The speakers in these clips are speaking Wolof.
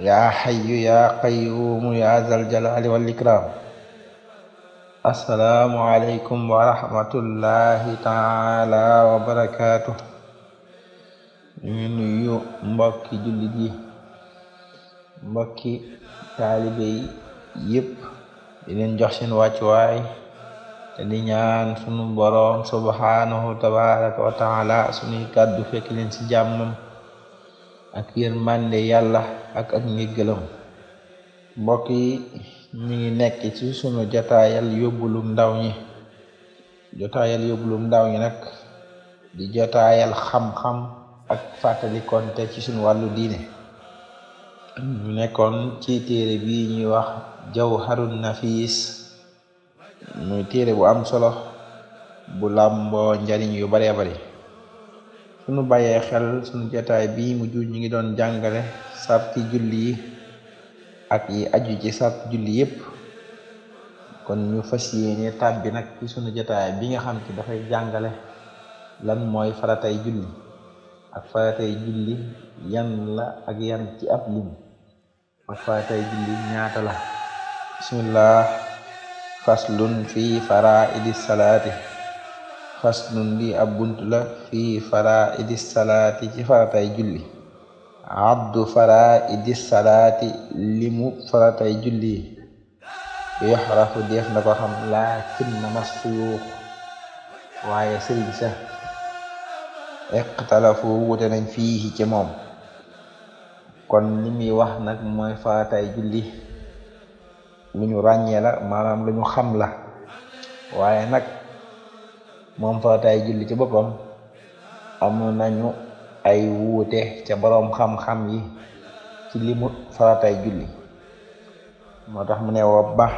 yaa xayu yaa qayuumu yaa zal jalaali wal ikraam assalaamu aleykum wa taala wa barakaatu ñu nuyu mbokki jullit yi mbokki taalibe yi yëpp di leen jox seen wàccuwaay te di ñaan sunu boroom subhaanahu tabaraka wa taala sunuy kàddu fekk leen ci jàmmam ak yërmande yàlla ak ak njëggalam mbokk yi mu ngi nekk ci sunu jotaayal yóbbulum ndaw ñi jotaayal yóbbulum ndaw ñi nag di jotaayal xam-xam ak fàttalikonte ci sunu wàllu diine ñu nekkoon ci téere bi ñuy wax jawharun nafis muy téere bu am solo bu làmboo njariñ yu baree bari suñu bàyyee xel suñu jataay bi mu juuj ñu ngi doon jàngale sàrti julli yi ak yi aju ci sàrt julli yépp kon ñu fas yéene bi nag ci suñu jataay bi nga xam ci dafay jàngale lan mooy faratay julli ak faratay julli yan la ak yan ci ab lim ak faratay julli ñaata la bismillah faslun fi faraidi salaati faslun lii ab bunt la fii faraidi salaati ci faratay julli addu faraidi salaati limu faratay julli yoxrafu def na ko xam laakin na masuyuux waaye sëriñ sa iqtalafu wute nañ fiihi ci moom kon li muy wax nag mooy faratay julli lu ñu ràññee la maanaam lu xam la waaye nag moom farataay julli ci boppam am nañu ay wuute ca boroom xam-xam yi ci limu farataay julli moo tax mu ne wa bax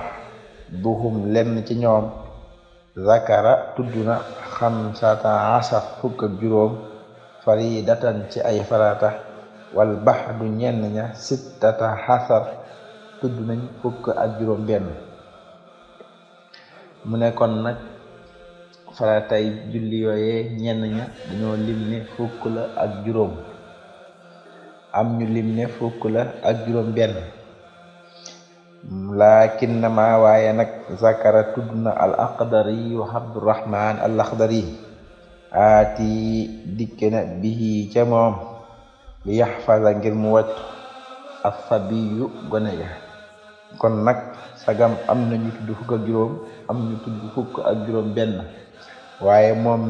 duhum lenn ci ñoom zakara tudd na xamsata asar fukk ak juróom faridatan ci ay farata wal bax du ñenn ña sittata xasar tudd fukk ak juróom benn mu ne kon nag faratay julli yooyee ñenn ña dañoo lim ne fukk la ak juróom am ñu lim ne fukk la ak juróom benn laakin nama waaye nag zakara tudd na al aqdari wa abdurahman al aqdari aati dikke na ca moom li yaxfaza ngir mu wàcc asabiyu gone ya kon nag sagam am na ñu tudd fukk ak juróom benn waaye moom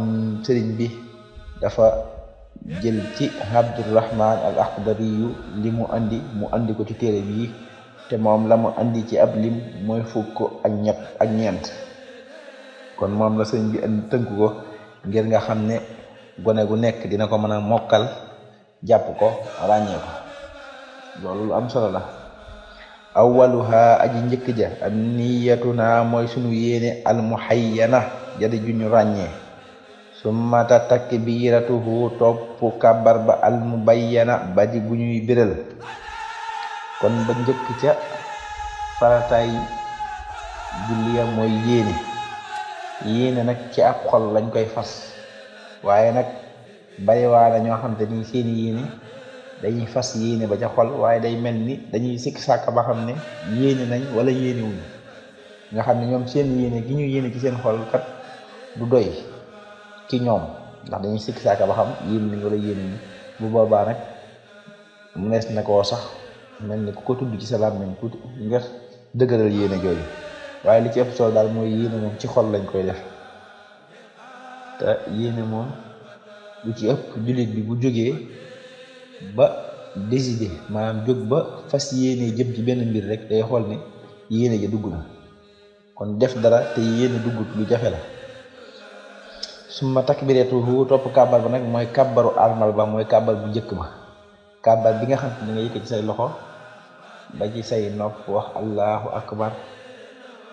sëriñ bi dafa jël ci abdurrahman al axdari yu mu andi mu andi ko ci téere bi te moom la mu andi ci ab lim mooy fukk ak ñett ñeent kon moom la sëriñ bi andi tënk ko ngir nga xam ne gone gu nekk dina ko mën a mokkal jàpp ko ràññee ko loolu am solo la awwaluha aji njëkk ja an na mooy sunu yéene al muhayyana jadi juñu ràññee su bi summata takbiratuhu topp kàbbar ba al mubayyana baji bu ñuy biral kon ba njëkk ca farataay julliya mooy yéene yéene nag ci ab xol lañ koy fas waaye nag waa ñoo xam te ni seen yéene dañuy fas yéene ba ca xol waaye day mel ni dañuy sikk sàkk ba xam ne yéene nañ wala yéene wuñ nga xam ne ñoom seen yéene gi ñuy yéene ci seen xol kat du doy ci ñoom ndax dañuy sikki saaka ba xam yéen ni wala yéen ni bu boobaa nag mu nees na koo sax mel ni ku ko tudd ci sa làmmiñ ku nga dëgëral yéene jooju waaye li ci ëpp sol daal mooy yéene moom ci xol lañ koy def te moom lu ci ëpp jullit bi bu jógee ba décidé maanaam jóg ba fas yéene jëm ci benn mbir rek day xool ne yéene ja dugg na kon def dara te yéene duggut lu jafe la summa takbiratuhu topp kàbbar ba nag mooy kàbbaru armal ba mooy kàbbar bu njëkk ba kàbbar bi nga xam ne da nga yëkkati say loxo ba ci say nopp wax allahu akbar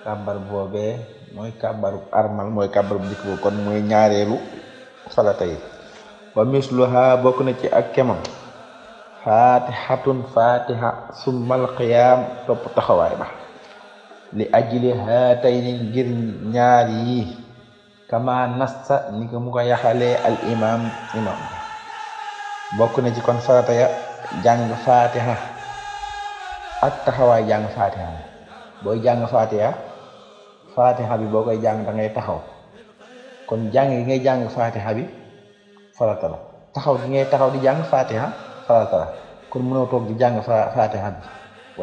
kàbbar boobee mooy kàbbaru armal mooy kabar bu njëkk ba kon mooy ñaareelu salata yi wa misluha bokk na ci ak kemam fatihatun fatiha summal qiyaam topp taxawaay ba li ajli haatayni ngir ñaar kama nassa ni ko mu ko yaxalee al imam imam bokk na ci kon farata ya jàng fatiha ak taxawaay jàng fatiha booy jàng fatiha fatiha bi boo koy jàng da ngay taxaw kon jàng gi ngay jàng fatiha bi farata taxaw gi ngay taxaw di jàng fatiha farata la kon mënoo toog di jàng fatiha bi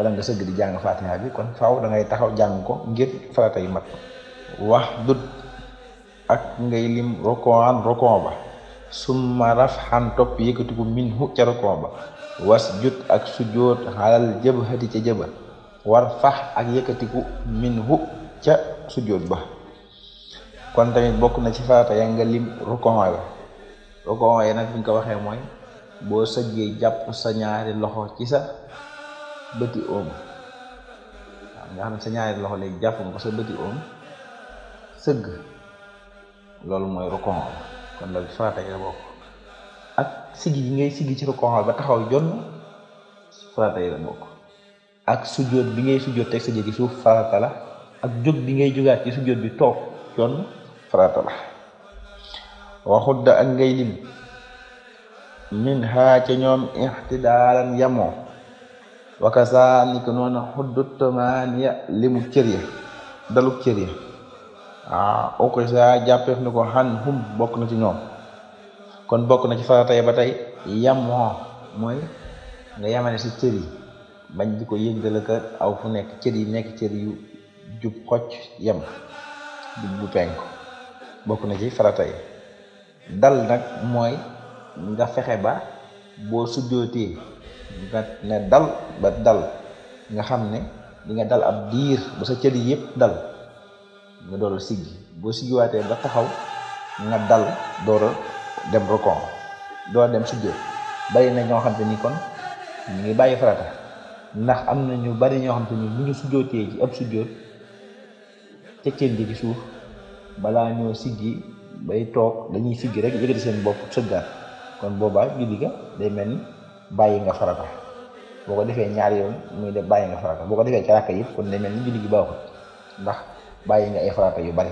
nga sëgg di jàng fatiha bi kon faaw da taxaw jàng ko ngir farata yi mat wax dut ak ngay lim rokoan rokon ba summa rafxan topp yëkkatiku minhu ca rokon ba was jut ak sujjóot xalal jëbhati ca jëba war fax ak yëkkatiku min minhu ca sujjóot ba kon tamit bokk na ci farata ya nga lim rokon ba rokon ya nag fi nga ko waxee mooy boo sëggee jàpp sa ñaari loxo ci sa bëti oom waaw nga xam ne sa ñaari loxo léegi jàpp nga sa bëti oom sëgg loolu mooy rukon kon loolu farata yi la bokk ak sigi yi ngay sigi ci rukon ba taxaw jonn farata yi la bokk ak sujjóot bi ngay sujjóot teg sa jë suuf farata la ak jóg bi ngay jógaat ci sujjóot bi toog jonn farata la waxudda ak ngay lim min haa ca ñoom ixtidaalan yamoo wakasa ni ko noonu xuddut tamaaniya limu cër ya daluk cër yi ah uqisa jàppeef na ko xan hum bokk na ci ñoom kon bokk na ci faratay ba tey yamoo mooy nga yamane si cër yi bañ di ko yëgdala ka aw fu nekk cër yi nekk cër yu jub xocc yem bu penk bokk na ci faratay dal nag mooy nga fexe ba boo sujjootee nga ne dal ba dal nga xam ne di nga dal ab diir ba sa cër yi yëpp dal nga door a siggi boo siggiwaatee ba taxaw nga dal door a dem rokon door dem sujjóot bari na ñoo xam ni kon ñu ngi bàyyi farata ndax am na ñu bari ñoo xam te ni bu ñu sujjóotee ci ab sujjóot cëcceen gi ci suuf balaa ñoo siggi bay toog dañuy siggi rek yëkkati seen bopp sëggaat kon boobaa julli day mel ni bàyyi nga farata boo ko defee ñaar yoon muy def bàyyi nga farata boo ko defee ci ràkk yëpp kon day mel ni julli gi baaxut ndax bàyyi nga ay farata yu bari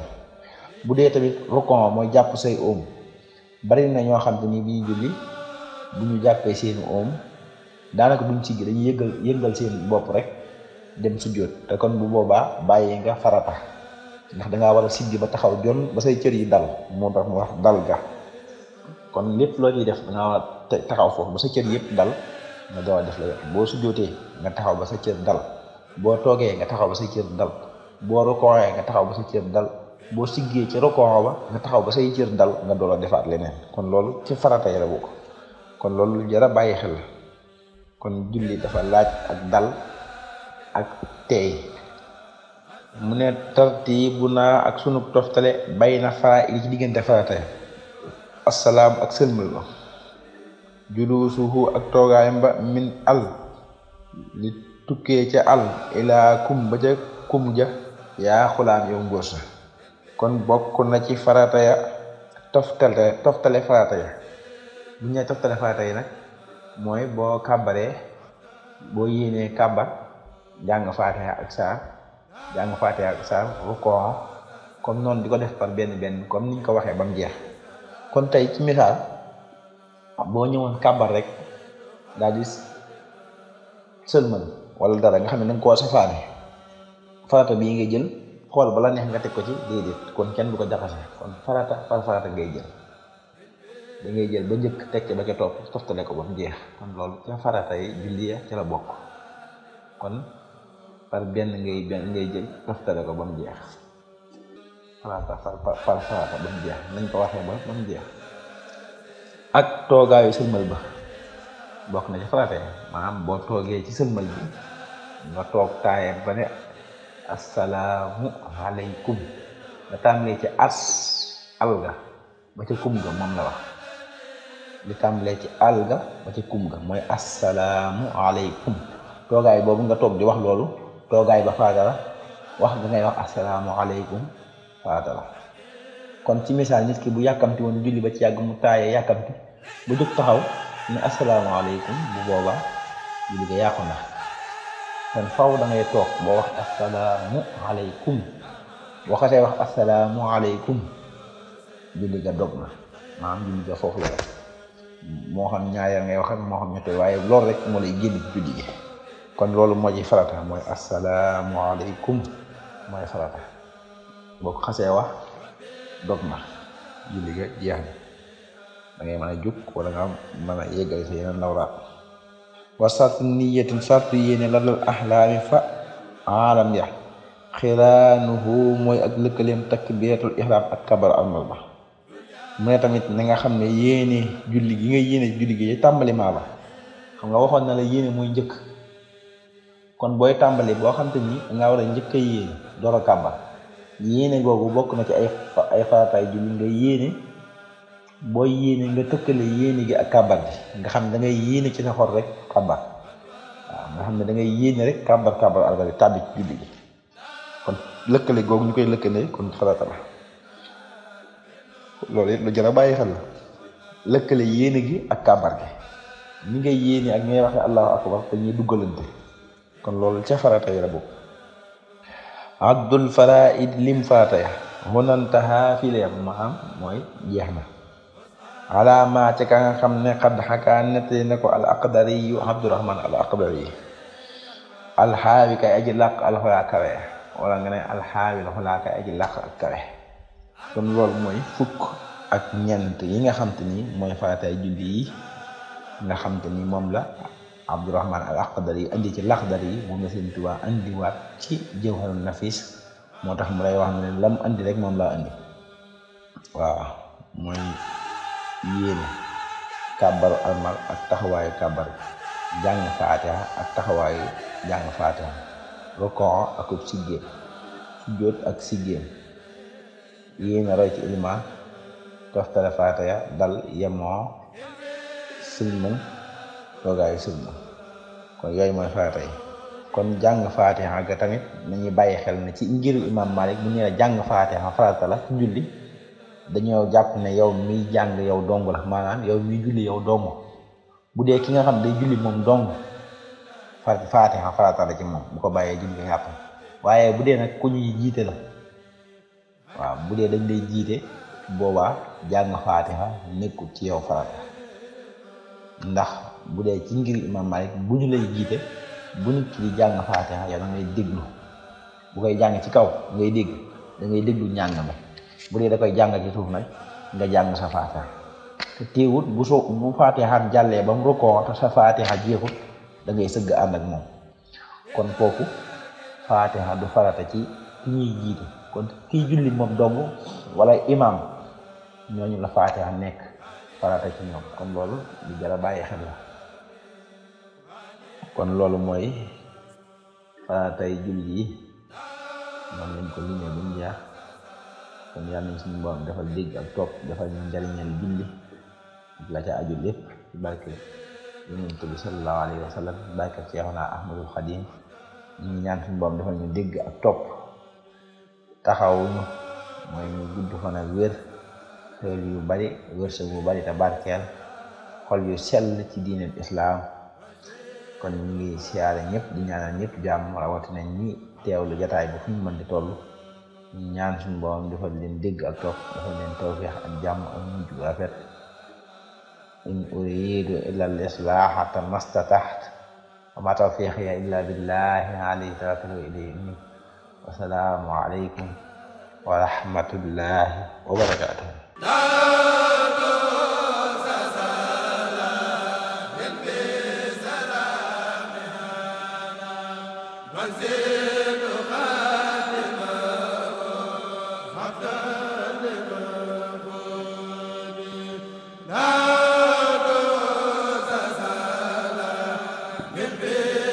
bu dee tamit rukon mooy jàpp say oom bari na ñoo xam te ni bi julli bu ñu jàppee seeni oom daanaka duñ siggi dañuy yëgal yëngal seen bopp rek dem sujjóot te kon bu boobaa bàyyi nga farata ndax danga war a siggi ba taxaw jon ba say cër yi dal moo tax mu wax dal ga kon lépp loo ñuy def dangaa war a taxaw foofu ba sa cër yëpp dal nga gaaw a def la boo sujjóotee nga taxaw ba sa cër dal boo toogee nga taxaw ba sa cër dal boo rokoxee nga taxaw ba sa cër dal boo siggee ci rokoxo ba nga taxaw ba say cër dal nga door a defaat leneen kon loolu ci farata yi la kon loolu lu jar a bàyyi xel kon julli dafa laaj ak dal ak teey mu ne bu naa ak sunu toftale bay na fara li ci diggante farata yi ak sëlmal ba julusuhu ak toogaayam ba min al li tukkee ca al ilaa kum ja yaa xulaam yow ngóor sa kon bokk na ci farata ya toftale toftale farata ya bu ñu toftale farata yi nag mooy boo kàbbaree boo yéenee kàbbar jàng faatiha ak saar jàng faatiha ak saar rukkoo comme noonu di ko def par benn benn comme niñ ko waxee bam mu jeex kon tey ci misaal boo ñëwoon kàbbar rek daal di sëlmal wala dara nga xam ne da nga koo safaane farata bii ngay jël xool bala neex nga teg ko ci déedéet kon kenn bu ko jaxase kon farata far farata ngay jël da jël ba njëkk teg ci ba ca topp ko ba mu jeex kon loolu ca farata yi la bokk kon par benn ngay benn jël toftale ko ba mu jeex farata par farata ba jeex nañ ko waxee ba ba jeex ak toogaayu sëlmal ba bokk na ci farata yi boo toogee ci sëlmal bi nga toog taayam ba ne assalaamu aleykum nga tàmbalee ci as alga ba ci kum ga moom la wax li tàmbalee ci alga ba ci kum ga mooy assalaamu aleykum toogaay boobu nga toog di wax loolu toogaay ba faata wax bi ngay wax assalaamu aleykum faata kon ci misaal nit ki bu yàkkamti woon julli ba ci yàgg mu taayee yàkkamti bu jóg taxaw ne assalaamu aleykum bu boobaa julli ga yàqu na kon faw da ngay toog boo wax assalaamu aleykum boo xasee wax assalaamu aleykum julli ga dog na maanaam julli ga foofu la moo xam ñaar ñaareel ngay wax moo xam ñetteel waaye loolu rek moo lay génn julli gi kon loolu moo farata mooy assalaamu aleykum mooy farata boo ko xasee wax dog na julli ga jeex na da ngay a jóg wala nga mën a yeggale sa yeneen lawraat wa sart niyatin sartu yéene lalal axlaami fa aalam ya xiraanuhu mooy ak lëkkaleem takbiratul ihram ak kabar almal ba mu ne tamit na nga xam ne yéene julli gi nga yéene julli gi tàmbali maa ba xam nga waxoon na la yéene mooy njëkk kon booy tàmbali boo xam te ni nga war a njëkk a door a kàmbar yéene googu bokk na ci ay farataay julli nga yéene booy yéene nga tëkkale yéene gi ak kàbbar ji nga xam ne dangay ngay yéene ci sa xol rek kàbbar waaw nga xam ne dangay ngay yéene rek kàbbar kàbbar alga tàbbi ci gi kon lëkkale googu ñu koy lëkkale kon farata la loolu it lu jar a bàyyi xel la lëkkale yéene gi ak kàbbar gi ñi nga yéene ak ngay waxe allahu akbar dañuy duggalante kon loolu ca farata yi la bokk abdul faraid lim faataya hunantaha fileem maam mooy jeex na ala ma ca ka nga xam ne xad xakaa nettali ko al aqdari yu al aqdari alxaawi kay aji làq alxulaa kawe wala nga ne alxaawi alxulaa kay aji làq ak kawe kon loolu mooy fukk ak ñent yi nga xam te ni mooy faratay yi nga xam te ni moom la abdurahman al aqdari yi andi ci laqdar yi moom la seen tubaa andiwaat ci jawharu nafis moo tax mu lay wax ne lam andi rek moom laa andi waaw yéene kàbbaru almal ak taxawaayu kàbbar jàng faatiha ak taxawaayu jàng faatiha rokon ak ub siggéen sujjóot ak siggéen yéene roy ci ilimaan dal yemoo silman toogaayu silman kon yooyu mooy faatiha yi kon jàng faatiha ga tamit nañuy bàyyi xel ne ci ngiru imam malik bu ñu la jàng faatiha farata la ci julli dañoo jàpp ne yow miy jàng yow dong la maanaam yow miy julli yow dong bu dee ki nga xam day julli moom dong faati faatiha la ci moom bu ko bàyyee julli nga yàpp waaye bu dee nag ku ñuy jiite la waaw bu dee dañ lay jiite boobaa jàng faatiha ci yow ndax bu dee ci ngir imam malik bu ñu lay jiite bu nit ki jàng faatiha yow da ngay déglu bu koy jàng ci kaw ngay dégg dangay déglu ñàng mi bu dee da koy jàng suuf nag nga jàng sa faatiha te teewut bu soo bu faatixaan jàllee ba mu rukkoo sa faatixa jeexut da ngay sëgg ànd ak moom kon kooku faatixa du farata ci ki ñuy jiite kon kii julli moom dong wala imaam ñooñu la faatixa nekk farata ci ñoom kon loolu di jara bàyyi xel la kon loolu mooy faratay julli moom lañ ko limee buñ jaar kon yàlla nañ suñu borom defal dégg ak topp defal ñu njariñal julli ak la ca aju lépp ci barke yonent bi sallallahu alayhi wa sallam barke Seexuna Ahmadul Xadim ñu ngi ñaan suñu borom defal ñu dégg ak topp taxawuñu mooy ñu gudd fan wér xéwal yu bari wërsëg bari te barkeel xol yu sell ci diine islaam kon ñu ngi siyaare ñëpp di ñaanal ñëpp jàmm rawatina ñi teewlu jataay bi fu ñu mën di toll ñaan suñu borom defal leen dégg ak topp defal leen tawfiix ak jàmm ak mujj bu rafet in uriidu illa al islaaha ma stataxt wa ma tawfiiqi illa billahi alayhi tawakkaltu wa ilayhi unib wassalaamu alaykum wa rahmatullahi wa barakaatuh Amen.